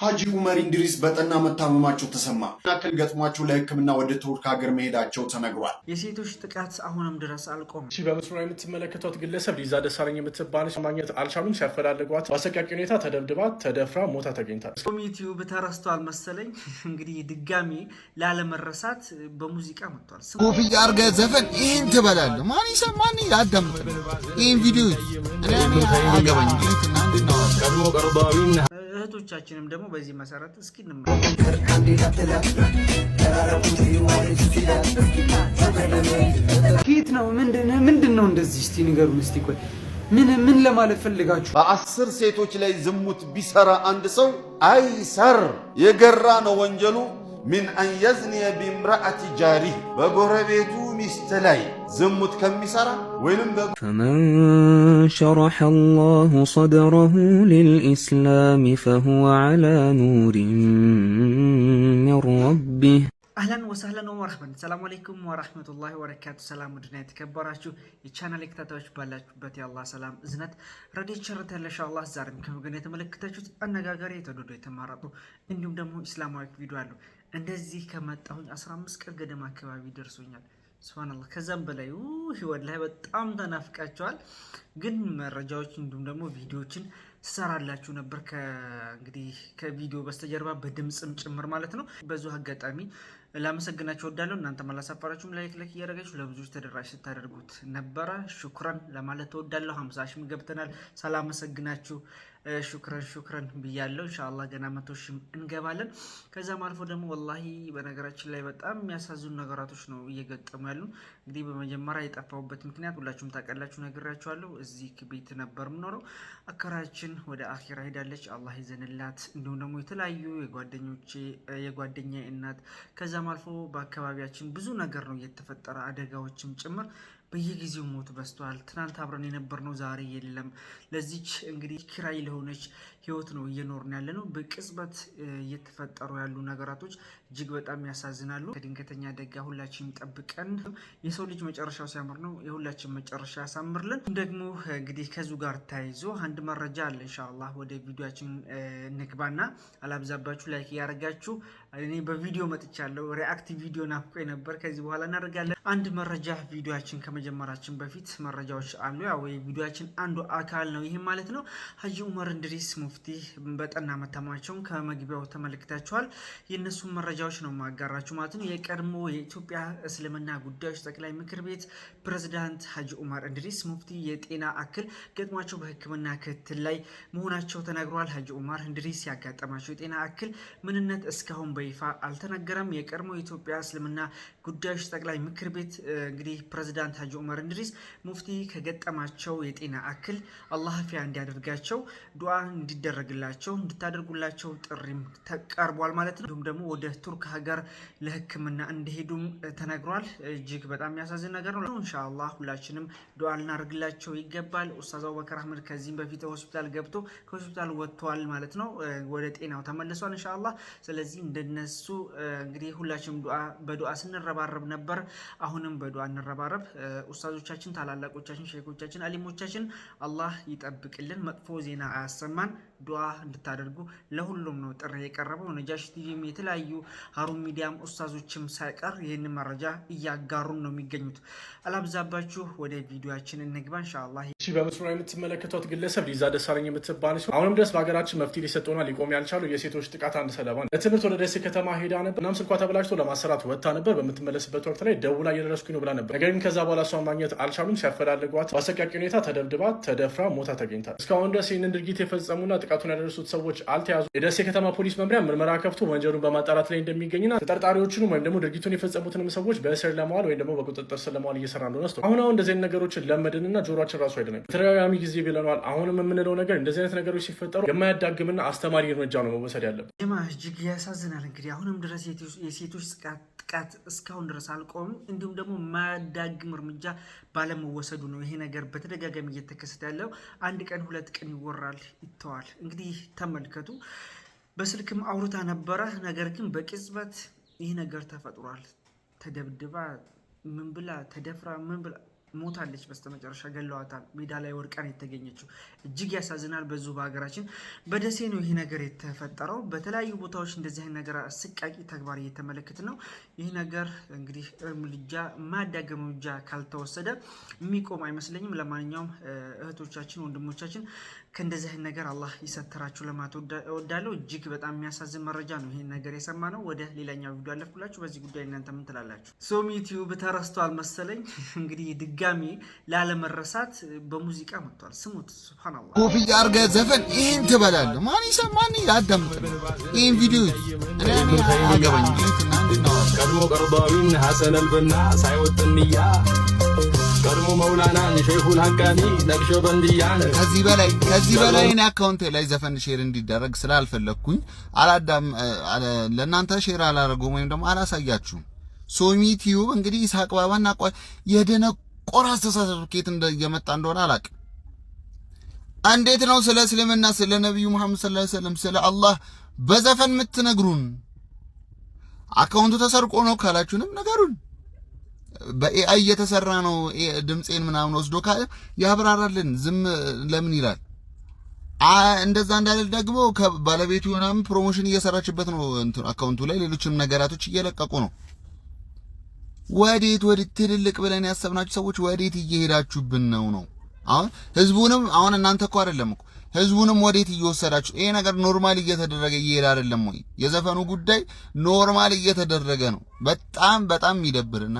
ሀጂ ኡመር እንድሪስ በጠና መታመማቸው ተሰማ። ናክል ገጥሟቸው ለሕክምና ወደ ቱርክ ሀገር መሄዳቸው ተነግሯል። የሴቶች ጥቃት አሁንም ድረስ አልቆም። እሺ በምስሉ ላይ የምትመለከቷት ግለሰብ ሊዛ ደሳለኝ የምትባል ማግኘት አልቻሉም። ሲያፈላልጓት በአሰቃቂ ሁኔታ ተደብድባ ተደፍራ ሞታ ተገኝታለች። ዩቲዩብ ተረስቷል መሰለኝ። እንግዲህ ድጋሚ ላለመረሳት በሙዚቃ መጥቷል። ኮፍያ አድርገህ ዘፈን ይህን ትበላለ። ማን ይሰማን ያዳምጥ ይህን ቪዲዮ እህቶቻችንም ደግሞ በዚህ መሰረት እስኪ ኬት ነው ምንድን ነው እንደዚህ? እስቲ ንገሩን እስቲ ቆይ ምን ምን ለማለት ፈልጋችሁ? በአስር ሴቶች ላይ ዝሙት ቢሰራ አንድ ሰው አይሰር የገራ ነው ወንጀሉ። ምን አንየዝኒየ ቢምራአቲ ጃሪህ በጎረቤቱ ሚስት ላይ ዝሙት ከሚሰራ ወይንም ደግሞ ፈመን ሸረሐ አላሁ ሰድረሁ ሊልኢስላም ፈሁወ ዐላ ኑሪን ሚን ረቢህ። አህለን ወሳህለን ወመርሐበን። ሰላሙ አለይኩም ወረህመቱላሂ ወበረካቱ። ሰላም ውድና የተከበራችሁ የቻናል ተከታታዮች ባላችሁበት የአላህ ሰላም እዝነት ረድኤት ቸርነት ያለሽ አላህ ዛሬም ከምግን የተመለከታችሁት አነጋጋሪ የተወደዱ የተማረጡ እንዲሁም ደግሞ ኢስላማዊ ቪዲዮ አሉ። እንደዚህ ከመጣሁኝ 15 ቀን ገደማ አካባቢ ደርሶኛል። ስብሃንላ ከዛም በላይ ህይወት ላይ በጣም ተናፍቃቸዋል። ግን መረጃዎች እንዲሁም ደግሞ ቪዲዮዎችን ትሰራላችሁ ነበር እንግዲህ ከቪዲዮ በስተጀርባ በድምፅም ጭምር ማለት ነው። በዙ አጋጣሚ ላመሰግናችሁ እወዳለሁ። እናንተም አላሳፈራችሁም። ላይክ ላይክ እያደረጋችሁ ለብዙዎች ተደራሽ ስታደርጉት ነበረ። ሹኩረን ለማለት እወዳለሁ። ሀምሳ ሺህም ገብተናል። ሳላመሰግናችሁ ሹክረን ሹክረን ብያለው። እንሻላ ገና መቶ እንገባለን። ከዛም አልፎ ደግሞ ወላሂ በነገራችን ላይ በጣም የሚያሳዝኑ ነገራቶች ነው እየገጠሙ ያሉ። እንግዲህ በመጀመሪያ የጠፋሁበት ምክንያት ሁላችሁም ታውቃላችሁ፣ ነግራችኋለሁ። እዚህ ቤት ነበር የምኖረው። አከራችን ወደ አኪራ ሄዳለች፣ አላህ ይዘንላት። እንዲሁም ደግሞ የተለያዩ የጓደኞቼ የጓደኛ እናት ከዛም አልፎ በአካባቢያችን ብዙ ነገር ነው እየተፈጠረ አደጋዎችም ጭምር በየጊዜው ሞት በዝቷል። ትናንት አብረን የነበርነው ዛሬ የለም። ለዚች እንግዲህ ኪራይ ለሆነች ህይወት ነው እየኖርን ያለ ነው። በቅጽበት እየተፈጠሩ ያሉ ነገራቶች እጅግ በጣም ያሳዝናሉ። ከድንገተኛ አደጋ ሁላችንም ጠብቀን የሰው ልጅ መጨረሻው ሲያምር ነው። የሁላችን መጨረሻ ያሳምርልን። ደግሞ እንግዲህ ከዙ ጋር ተያይዞ አንድ መረጃ አለ። ኢንሻአላህ ወደ ቪዲዮችን ንግባና አላብዛባችሁ። ላይክ እያደረጋችሁ እኔ በቪዲዮ መጥቻለሁ። ሪአክት ቪዲዮ ናፍቆ ነበር። ከዚህ በኋላ እናደርጋለን። አንድ መረጃ ቪዲዮችን ከመ ከመጀመራችን በፊት መረጃዎች አሉ። ያው የቪዲዮችን አንዱ አካል ነው። ይህም ማለት ነው ሀጂ ኡመር እንድሪስ ሙፍቲ በጠና መታመማቸውን ከመግቢያው ተመልክታችኋል። የእነሱን መረጃዎች ነው ማጋራችሁ ማለት ነው። የቀድሞ የኢትዮጵያ እስልምና ጉዳዮች ጠቅላይ ምክር ቤት ፕሬዝዳንት ሀጂ ኡመር እንድሪስ ሙፍቲ የጤና እክል ገጥሟቸው በሕክምና ክትትል ላይ መሆናቸው ተነግሯል። ሀጂ ኡመር እንድሪስ ያጋጠማቸው የጤና እክል ምንነት እስካሁን በይፋ አልተነገረም። የቀድሞ የኢትዮጵያ እስልምና ጉዳዮች ጠቅላይ ምክር ቤት እንግዲህ ፕሬዝዳንት ሀጂ ሐጅ ዑመር እንድሪስ ሙፍቲ ከገጠማቸው የጤና እክል አላህ ፊያ እንዲያደርጋቸው ዱዓ እንዲደረግላቸው እንድታደርጉላቸው ጥሪም ተቀርቧል ማለት ነው። እንዲሁም ደግሞ ወደ ቱርክ ሀገር ለሕክምና እንዲሄዱም ተነግሯል። እጅግ በጣም የሚያሳዝን ነገር ነው። እንሻላ ሁላችንም ዱዓ ልናደርግላቸው ይገባል። ኡስታዝ አቡበከር አህመድ ከዚህም በፊት ሆስፒታል ገብቶ ከሆስፒታል ወጥተዋል ማለት ነው። ወደ ጤናው ተመልሷል እንሻላ ስለዚህ እንደነሱ እንግዲህ ሁላችንም በዱዓ ስንረባረብ ነበር። አሁንም በዱዓ እንረባረብ። ኡስታዞቻችን፣ ታላላቆቻችን፣ ሼኮቻችን፣ አሊሞቻችን አላህ ይጠብቅልን፣ መጥፎ ዜና አያሰማን። ዱዓ እንድታደርጉ ለሁሉም ነው ጥሪ የቀረበው። ነጃሽ ቲቪም የተለያዩ ሀሩን ሚዲያም ኡስታዞችም ሳይቀር ይህን መረጃ እያጋሩን ነው የሚገኙት። አላብዛባችሁ ወደ ቪዲዮችን እንግባ እንሻላ። በምስሉ ላይ የምትመለከቷት ግለሰብ ሊዛ ደሳለኝ የምትባል ሲሆን አሁንም ድረስ በሀገራችን መፍትሄ ሊሰጠውና ሊቆም ያልቻሉ የሴቶች ጥቃት አንድ ሰለባ ለትምህርት ወደ ደሴ ከተማ ሄዳ ነበር። እናም ስልኳ ተበላሽቶ ለማሰራት ወጥታ ነበር። በምትመለስበት ወቅት ላይ ደውላ እየደረስኩ ነው ብላ ነበር። ነገር ግን ከዛ በኋላ እሷን ማግኘት አልቻሉም። ሲያፈላልጓት በአሰቃቂ ሁኔታ ተደብድባ ተደፍራ ሞታ ተገኝታል። እስካሁን ድረስ ይህንን ድርጊት የፈጸሙና ጥቃት ጥቃቱን ያደረሱት ሰዎች አልተያዙ። የደሴ ከተማ ፖሊስ መምሪያ ምርመራ ከፍቶ ወንጀሉን በማጣራት ላይ እንደሚገኝና ተጠርጣሪዎችን ወይም ደግሞ ድርጊቱን የፈጸሙትንም ሰዎች በእስር ለመዋል ወይም ደግሞ በቁጥጥር ስር ለመዋል እየሰራ እንደሆነ ስ አሁን አሁን እንደዚህ አይነት ነገሮችን ለመድንና ጆሮችን ራሱ አይደለም በተደጋጋሚ ጊዜ ብለነዋል። አሁንም የምንለው ነገር እንደዚህ አይነት ነገሮች ሲፈጠሩ የማያዳግምና አስተማሪ እርምጃ ነው መወሰድ ያለበት። እጅግ ያሳዝናል። እንግዲህ አሁንም ድረስ የሴቶች ጥቃት ጥቃት እስካሁን ድረስ አልቆሙ እንዲሁም ደግሞ ማዳግም እርምጃ ባለመወሰዱ ነው ይሄ ነገር በተደጋጋሚ እየተከሰተ ያለው። አንድ ቀን ሁለት ቀን ይወራል ይተዋል። እንግዲህ ተመልከቱ። በስልክም አውርታ ነበረ። ነገር ግን በቅጽበት ይህ ነገር ተፈጥሯል። ተደብድባ ምን ብላ ተደፍራ ምን ብላ ሞታለች። በስተመጨረሻ ገለዋታል። ሜዳ ላይ ወርቀን የተገኘችው እጅግ ያሳዝናል። በዙ በሀገራችን በደሴ ነው ይህ ነገር የተፈጠረው። በተለያዩ ቦታዎች እንደዚህ ነገር አስቃቂ ተግባር እየተመለከት ነው። ይህ ነገር እንግዲህ እርምጃ ማዳገም እርምጃ ካልተወሰደ የሚቆም አይመስለኝም። ለማንኛውም እህቶቻችን ወንድሞቻችን ከእንደዚህ ነገር አላህ ይሰትራችሁ ለማለት እወዳለሁ። እጅግ በጣም የሚያሳዝን መረጃ ነው ይህን ነገር የሰማ ነው። ወደ ሌላኛው ቪዲዮ አለፍኩላችሁ። በዚህ ጉዳይ እናንተ ምን ትላላችሁ? ሶም ዩቲዩብ ተረስቷል መሰለኝ። እንግዲህ ድጋሚ ላለመረሳት በሙዚቃ መጥቷል። ስሙት። ሱብሃነላህ ኮፍያ አድርገህ ዘፈን ይህን ትበላለህ። ማን ይሰማን ያዳምጥ ይህን ቪዲዮ ገበኝ ቀድሞ መውላና ሼኹል ሀቃኒ ነቅሾ በንድያነ ከዚህ በላይ ከዚህ በላይ እኔ አካውንቴ ላይ ዘፈን ሼር እንዲደረግ ስላልፈለግኩኝ አላዳም ለእናንተ ሼር አላረጉም ወይም ደግሞ አላሳያችሁም። ሶሚ ቲዩብ እንግዲህ ይስሐቅ ባባና ቋ ቆራ አስተሳሰብ ኬት እየመጣ እንደሆነ አላቅም። እንዴት ነው ስለ እስልምና ስለ ነቢዩ መሐመድ ሰለላሁ ዐለይሂ ወሰለም ስለ አላህ በዘፈን የምትነግሩን? አካውንቱ ተሰርቆ ነው ካላችሁንም ነገሩን በኤአይ እየተሰራ ነው ድምፄን ምናምን ወስዶ ካለ ያብራራልን። ዝም ለምን ይላል? እንደዛ እንዳለል ደግሞ ባለቤቱ ሆናም ፕሮሞሽን እየሰራችበት ነው አካውንቱ ላይ ሌሎችንም ነገራቶች እየለቀቁ ነው። ወዴት ወዴት ትልልቅ ብለን ያሰብናችሁ ሰዎች ወዴት እየሄዳችሁብን ነው ነው አሁን ህዝቡንም አሁን እናንተ እኮ አይደለም እኮ ህዝቡንም ወዴት እየወሰዳችሁ ይሄ ነገር ኖርማል እየተደረገ እየሄድ አይደለም ወይ? የዘፈኑ ጉዳይ ኖርማል እየተደረገ ነው። በጣም በጣም የሚደብርና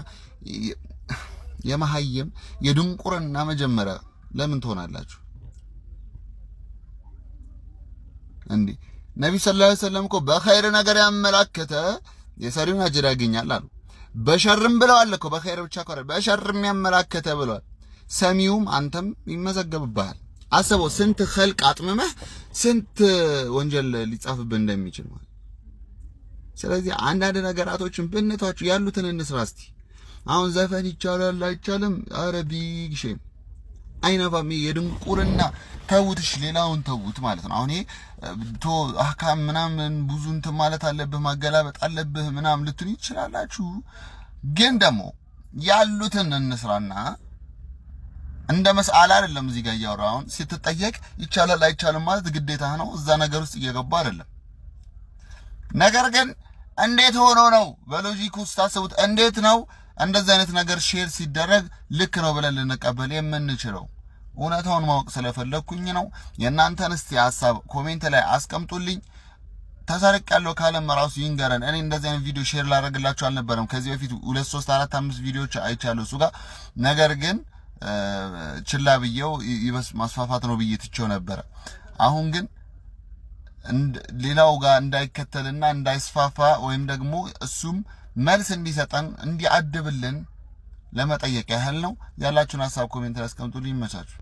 የመሀይም የድንቁርና መጀመሪያ ለምን ትሆናላችሁ እንዴ? ነቢ ሰለላሁ ዐለይሂ ወሰለም እኮ በኸይር ነገር ያመላከተ የሰሪውን አጅር ያገኛል አሉ። በሸርም ብለዋል እኮ በኸይር ብቻ ኮረ በሸርም ያመላከተ ብለዋል። ሰሚውም አንተም ይመዘገብብሃል። አስበው ስንት ኸልቅ አጥምመህ ስንት ወንጀል ሊጻፍብህ እንደሚችል ማለት። ስለዚህ አንዳንድ ነገራቶችን ብንቷችሁ ያሉትን እንስራ እስቲ አሁን ዘፈን ይቻላል አይቻልም? አረ ቢግ ሼም አይነፋም። የድንቁርና ተውትሽ፣ ሌላውን ተውት ማለት ነው። አሁን ቶ አካም ምናምን ብዙ እንትን ማለት አለብህ ማገላበጥ አለብህ ምናምን ልትሉ ይችላላችሁ። ግን ደግሞ ያሉትን እንስራና እንደ መስአል አይደለም። እዚህ ጋር እያወራ አሁን ስትጠየቅ ይቻላል አይቻልም ማለት ግዴታ ነው። እዛ ነገር ውስጥ እየገባ አይደለም። ነገር ግን እንዴት ሆኖ ነው በሎጂክ ውስጥ ታስቡት። እንዴት ነው እንደዚህ አይነት ነገር ሼር ሲደረግ ልክ ነው ብለን ልንቀበል የምንችለው እውነታውን ማወቅ ስለፈለግኩኝ ነው። የእናንተን እስቲ ሀሳብ ኮሜንት ላይ አስቀምጡልኝ። ተሰርቅ ያለው ካለም ራሱ ይንገረን። እኔ እንደዚህ አይነት ቪዲዮ ሼር ላደረግላችሁ አልነበረም። ከዚህ በፊት ሁለት ሶስት አራት አምስት ቪዲዮዎች አይቻለሁ እሱ ጋር ነገር ግን ችላ ብዬው ይበስ ማስፋፋት ነው ብዬ ትቼው ነበረ። አሁን ግን ሌላው ጋር እንዳይከተልና እንዳይስፋፋ ወይም ደግሞ እሱም መልስ እንዲሰጠን እንዲያድብልን ለመጠየቅ ያህል ነው። ያላችሁን ሀሳብ ኮሜንት ላይ አስቀምጡልኝ። ይመቻችሁ።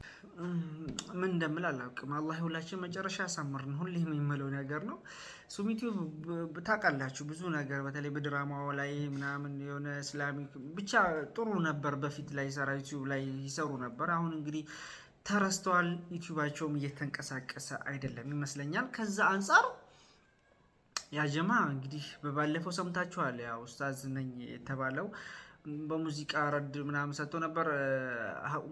ምን እንደምል አላውቅም። አላህ ሁላችን መጨረሻ ያሳምርን። ሁሌ የሚመለው ነገር ነው። ሱሚቲው ታውቃላችሁ፣ ብዙ ነገር በተለይ በድራማው ላይ ምናምን የሆነ እስላሚክ ብቻ ጥሩ ነበር። በፊት ላይ ሰራ ዩቲዩብ ላይ ይሰሩ ነበር። አሁን እንግዲህ ተረስተዋል። ዩቲዩባቸውም እየተንቀሳቀሰ አይደለም ይመስለኛል። ከዛ አንጻር ያጀማ እንግዲህ በባለፈው ሰምታችኋል። ያው ኡስታዝ ነኝ የተባለው በሙዚቃ ረድ ምናምን ሰጥቶ ነበር።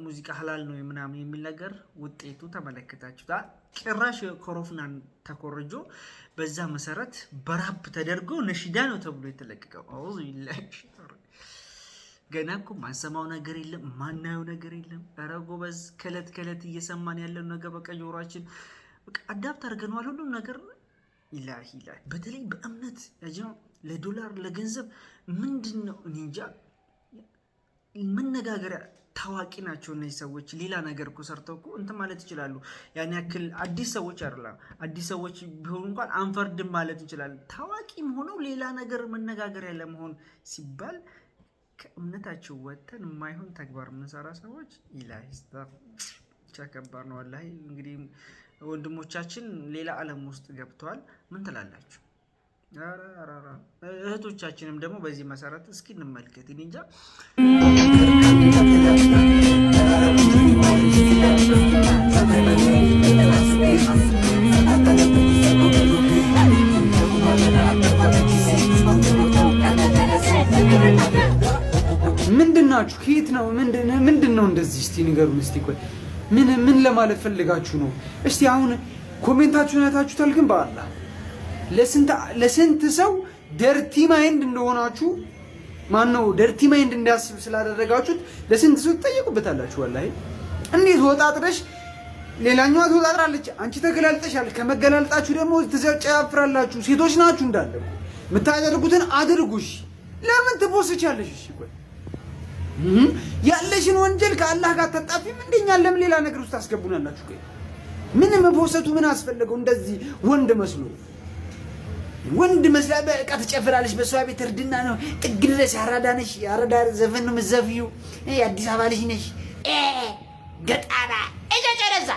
ሙዚቃ ሀላል ነው ምናምን የሚል ነገር ውጤቱ ተመለከታችሁታ። ጭራሽ ኮሮፍናን ተኮርጆ በዛ መሰረት በራፕ ተደርጎ ነሽዳ ነው ተብሎ የተለቀቀው ገና እኮ ማንሰማው ነገር የለም ማናየው ነገር የለም። ኧረ ጎበዝ ከዕለት ከዕለት እየሰማን ያለን ነገር በቃ ጆሯችን አዳብት አድርገነዋል ሁሉም ነገር ኢላሂ ኢላሂ በተለይ በእምነት ያጀማ ለዶላር ለገንዘብ ምንድን ነው እኔ እንጃ መነጋገሪያ ታዋቂ ናቸው እነዚህ ሰዎች። ሌላ ነገር እኮ ሰርተው እኮ እንትን ማለት ይችላሉ። ያን ያክል አዲስ ሰዎች አይደለም። አዲስ ሰዎች ቢሆኑ እንኳን አንፈርድም ማለት እንችላለን። ታዋቂም ሆነው ሌላ ነገር መነጋገሪያ ለመሆን ሲባል ከእምነታቸው ወጥተን የማይሆን ተግባር የምንሰራ ሰዎች ኢላሂ ብቻ ከባድ ነው። ወላሂ እንግዲህ ወንድሞቻችን ሌላ ዓለም ውስጥ ገብተዋል። ምን ትላላችሁ? እህቶቻችንም ደግሞ በዚህ መሰረት እስኪ እንመልከት። እኔ እንጃ ምንድን ናችሁ? ከየት ነው? ምንድን ነው እንደዚህ? እስቲ ንገሩን እስቲ ቆይ ምን ምን ለማለት ፈልጋችሁ ነው? እስቲ አሁን ኮሜንታችሁን አይታችሁታል። ግን በአላ ለስንት ሰው ደርቲ ማይንድ እንደሆናችሁ ማን ነው ደርቲ ማይንድ እንዲያስብ ስላደረጋችሁት ለስንት ሰው ትጠየቁበታላችሁ። ወላሂ እንዴት ወጣጥረሽ ሌላኛዋ ትወጣጥራለች፣ አንቺ ተገላልጠሻል። ከመገላልጣችሁ ደግሞ ትጨፍራላችሁ። ሴቶች ናችሁ እንዳለ የምታደርጉትን አድርጉሽ። ለምን ትቦስቻለሽ? እሺ ቆይ ያለሽን ወንጀል ከአላህ ጋር ተጣፊም ምንድኛ ለም ሌላ ነገር ውስጥ አስገቡናላችሁ? ቆይ ምን መፎሰቱ ምን አስፈለገው? እንደዚህ ወንድ መስሎ ወንድ መስላ በቃ ትጨፍራለች። በሷ ቤት እርድና ነው ጥግ ድረስ አራዳ ነሽ። አራዳ ዘፈን ነው የምትዘፍዩ። የአዲስ አበባ ልጅ ነሽ። ገጣባ እጨጨረዛ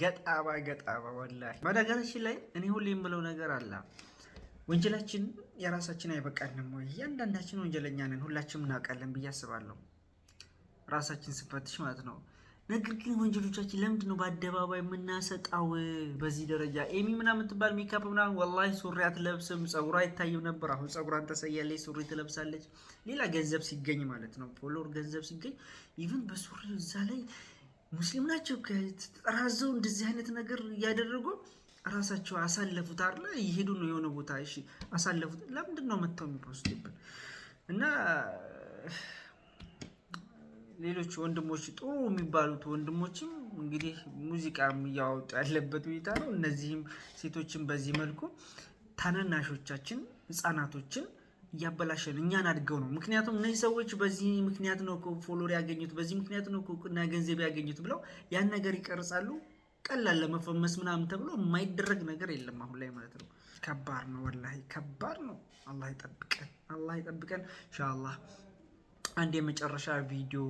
ገጣባ ገጣባ ወላሂ መዳጋታችን ላይ እኔ ሁሌ የምለው ነገር አለ ወንጀላችን የራሳችን አይበቃንም ወይ? እያንዳንዳችን ወንጀለኛ ነን፣ ሁላችንም እናውቃለን ብዬ አስባለሁ፣ ራሳችን ስንፈትሽ ማለት ነው። ነገር ግን ወንጀሎቻችን ለምንድን ነው በአደባባይ የምናሰጣው? በዚህ ደረጃ ኤሚ ምናምን የምትባል ሜካፕ ምናምን ወላሂ ሱሪ አትለብስም፣ ፀጉሯ አይታይም ነበር። አሁን ፀጉሯን ተሰያለች፣ ሱሪ ትለብሳለች። ሌላ ገንዘብ ሲገኝ ማለት ነው፣ ፎሎወር ገንዘብ ሲገኝ ኢቨን በሱሪ እዛ ላይ ሙስሊም ናቸው ተጠራዘው እንደዚህ አይነት ነገር እያደረጉ ራሳቸው አሳለፉት አለ ይሄዱ ነው የሆነ ቦታ እሺ፣ አሳለፉት። ለምንድን ነው መጥተው የሚፖስቱብን? እና ሌሎች ወንድሞች ጥሩ የሚባሉት ወንድሞችም እንግዲህ ሙዚቃም እያወጡ ያለበት ሁኔታ ነው። እነዚህም ሴቶችን በዚህ መልኩ ታናናሾቻችን ህፃናቶችን እያበላሸን እኛን አድገው ነው። ምክንያቱም እነዚህ ሰዎች በዚህ ምክንያት ነው ፎሎር ያገኙት፣ በዚህ ምክንያት ነው እውቅና ገንዘብ ያገኙት ብለው ያን ነገር ይቀርጻሉ። ቀላል ለመፈመስ ምናምን ተብሎ የማይደረግ ነገር የለም አሁን ላይ ማለት ነው። ከባድ ነው፣ ወላሂ ከባድ ነው። አላህ ይጠብቀን፣ አላህ ይጠብቀን። ኢንሻአላህ አንድ የመጨረሻ ቪዲዮ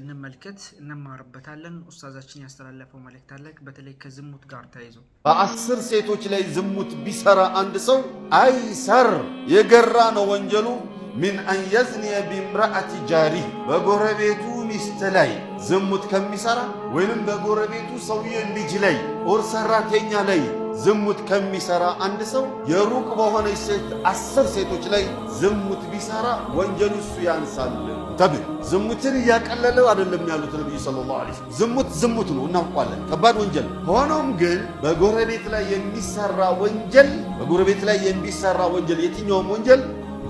እንመልከት፣ እንማርበታለን። ኡስታዛችን ያስተላለፈው መልእክት አለ፣ በተለይ ከዝሙት ጋር ተያይዞ በአስር ሴቶች ላይ ዝሙት ቢሰራ አንድ ሰው አይሰር የገራ ነው ወንጀሉ። ምን አንየዝኒየ ቢምራአት ጃሪህ በጎረቤቱ ሚስት ላይ ዝሙት ከሚሰራ ወይንም በጎረቤቱ ሰውዬ ልጅ ላይ ኦር ሰራተኛ ላይ ዝሙት ከሚሰራ አንድ ሰው የሩቅ በሆነች ሴት አስር ሴቶች ላይ ዝሙት ቢሰራ ወንጀሉ እሱ ያንሳል። ተብ ዝሙትን እያቀለለው አይደለም ያሉት ነቢዩ ሰለላሁ ዐለይሂ ወሰለም። ዝሙት ዝሙት ነው እናውቋለን፣ ከባድ ወንጀል። ሆኖም ግን በጎረቤት ላይ የሚሰራ ወንጀል በጎረቤት ላይ የሚሰራ ወንጀል የትኛውም ወንጀል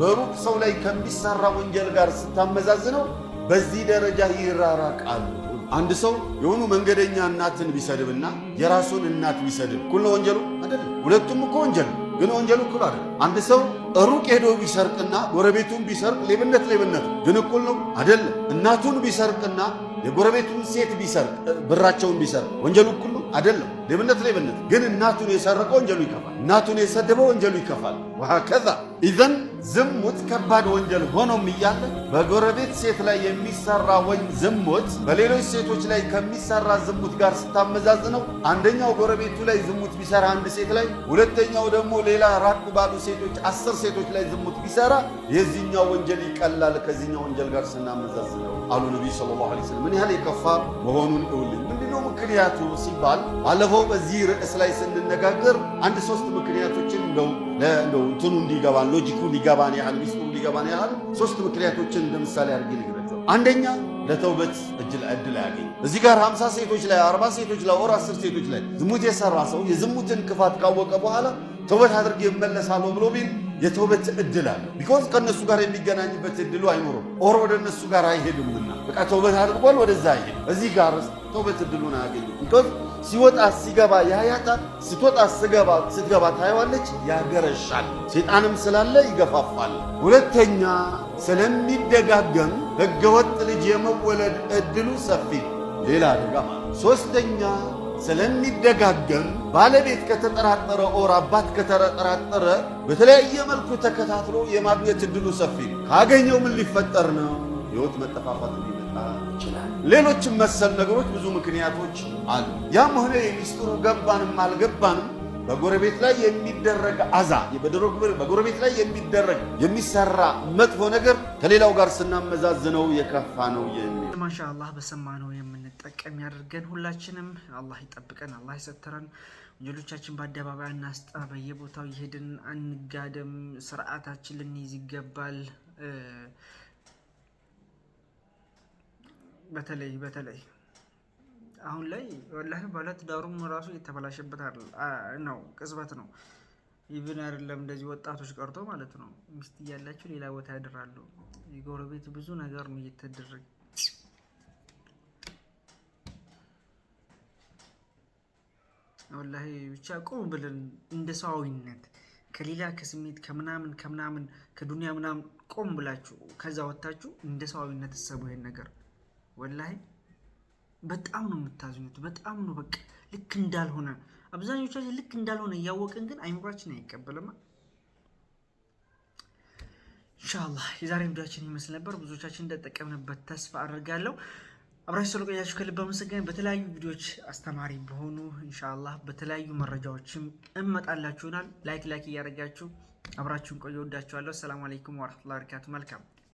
በሩቅ ሰው ላይ ከሚሰራ ወንጀል ጋር ስታመዛዝ ነው? በዚህ ደረጃ ይራራቃሉ። አንድ ሰው የሆኑ መንገደኛ እናትን ቢሰድብና የራሱን እናት ቢሰድብ ኩል ነው ወንጀሉ አይደለም። ሁለቱም እኮ ወንጀል ግን ወንጀሉ እኩል አይደለም። አንድ ሰው ሩቅ ሄዶ ቢሰርቅና ጎረቤቱን ቢሰርቅ ሌብነት ሌብነት ግን እኩል ነው አይደለም። እናቱን ቢሰርቅና የጎረቤቱን ሴት ቢሰርቅ ብራቸውን ቢሰርቅ ወንጀሉ እኩል ነው አይደለም። ሌብነት ሌብነት ግን እናቱን የሰረቀ ወንጀሉ ይከፋል። እናቱን የሰደበ ወንጀሉ ይከፋል። ወሀከዛ ኢዘን ዝሙት ከባድ ወንጀል ሆኖም እያለ በጎረቤት ሴት ላይ የሚሰራ ወኝ ዝሙት በሌሎች ሴቶች ላይ ከሚሰራ ዝሙት ጋር ስታመዛዝ ነው። አንደኛው ጎረቤቱ ላይ ዝሙት ቢሰራ አንድ ሴት ላይ፣ ሁለተኛው ደግሞ ሌላ ራቅ ባሉ ሴቶች አስር ሴቶች ላይ ዝሙት ቢሰራ የዚህኛው ወንጀል ይቀላል ከዚህኛው ወንጀል ጋር ስናመዛዝ ነው አሉ ነቢዩ ሰለላሁ ዐለይሂ ወሰለም። ምን ያህል የከፋ መሆኑን እውልኝ ምክንያቱ ሲባል ባለፈው በዚህ ርዕስ ላይ ስንነጋገር አንድ ሶስት ምክንያቶችን እንደው እንደው እንትኑ እንዲገባን ሎጂኩ እንዲገባን ያህል ሚስጥሩ እንዲገባን ያህል ሶስት ምክንያቶችን እንደ ምሳሌ አድርጌ ልግለጸው። አንደኛ ለተውበት እድል እድል አያገኝ። እዚህ ጋር 50 ሴቶች ላይ 40 ሴቶች ላይ ወር 10 ሴቶች ላይ ዝሙት የሰራ ሰው የዝሙትን ክፋት ካወቀ በኋላ ተውበት አድርጌ እመለሳለሁ ብሎ ቢል የተውበት እድል አለው። ቢኮዝ ከእነሱ ጋር የሚገናኝበት እድሉ አይኖርም። ኦር ወደ እነሱ ጋር አይሄድምና በቃ ተውበት አድርጓል፣ ወደዛ አይሄድ። እዚህ ጋር ተውበት እድሉን አያገኝም። ቢኮዝ ሲወጣ ሲገባ ያያታል፣ ስትወጣ ስገባ ስትገባ ታየዋለች፣ ያገረሻል። ሴጣንም ስላለ ይገፋፋል። ሁለተኛ ስለሚደጋገም ህገወጥ ልጅ የመወለድ እድሉ ሰፊ ሌላ አደጋ ማለት ሶስተኛ ስለሚደጋገም ባለቤት ከተጠራጠረ ኦር አባት ከተጠራጠረ በተለያየ መልኩ ተከታትሎ የማግኘት እድሉ ሰፊ ነው። ካገኘው ምን ሊፈጠር ነው? ህይወት መጠፋፋት ሊመጣ ይችላል። ሌሎችም መሰል ነገሮች ብዙ ምክንያቶች አሉ። ያም ሆነ የሚስጥሩ ገባንም አልገባንም በጎረቤት ላይ የሚደረግ አዛ በጎረቤት ላይ የሚደረግ የሚሰራ መጥፎ ነገር ከሌላው ጋር ስናመዛዝነው የከፋ ነው የሚል ማሻ አላህ በሰማነው የምንጠቀም ያደርገን ሁላችንም አላህ ይጠብቀን፣ አላህ ይሰትረን። ወንጀሎቻችን በአደባባይ አናስጣ፣ በየቦታው ይሄድን አንጋደም፣ ስርዓታችን ልንይዝ ይገባል። በተለይ በተለይ አሁን ላይ ወላሂ ዳሩም ራሱ የተበላሸበት ነው፣ ቅጽበት ነው። ኢቭን አይደለም እንደዚህ ወጣቶች ቀርቶ ማለት ነው ሚስት እያላቸው ሌላ ቦታ ያድራሉ። የጎረቤት ብዙ ነገር ነው እየተደረገ ወላሂ ብቻ ቆም ብለን እንደ ሰዋዊነት ከሌላ ከስሜት ከምናምን ከምናምን ከዱንያ ምናምን ቆም ብላችሁ ከዛ ወጥታችሁ እንደ ሰዋዊነት እሰቡ። ይሄን ነገር ወላሂ በጣም ነው የምታዝኙት። በጣም ነው በቃ ልክ እንዳልሆነ አብዛኞቻችን ልክ እንዳልሆነ እያወቅን ግን አይምሯችን አይቀበልም። ኢንሻላህ የዛሬ ቪዲዮችን ይመስል ነበር። ብዙዎቻችን እንደጠቀምንበት ተስፋ አድርጋለሁ። አብራችሁ ስለቆያችሁ ከልብ አመሰግናለሁ። በተለያዩ ቪዲዮዎች አስተማሪ በሆኑ ኢንሻአላህ በተለያዩ መረጃዎችም እመጣላችሁናል። ላይክ ላይክ እያደረጋችሁ አብራችሁን ቆዩ። ወዳችኋለሁ። ሰላም አለይኩም ወራህመቱላሂ ወበረካቱ። መልካም